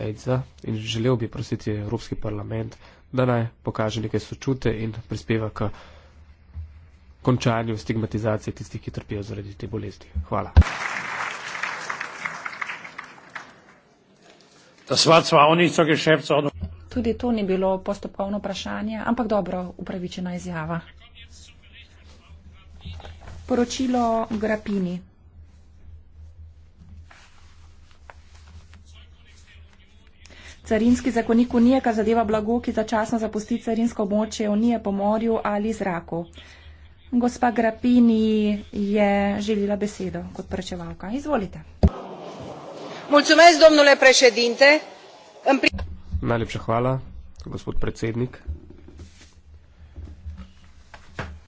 AIDS-a in želel bi prositi Evropski parlament, da naj pokaže nekaj sočute in prispeva k končanju stigmatizacije tistih, ki trpijo zaradi te bolezni. Hvala. Tudi to ni bilo postopkovno vprašanje, ampak dobro upravičena izjava. Poročilo Grapini. Carinski zakonik unije, kar zadeva blago, ki začasno zapusti carinsko območje unije po morju ali zraku. Gospa Grapini je želila besedo kot prečevalka. Izvolite. Najlepša hvala, gospod predsednik.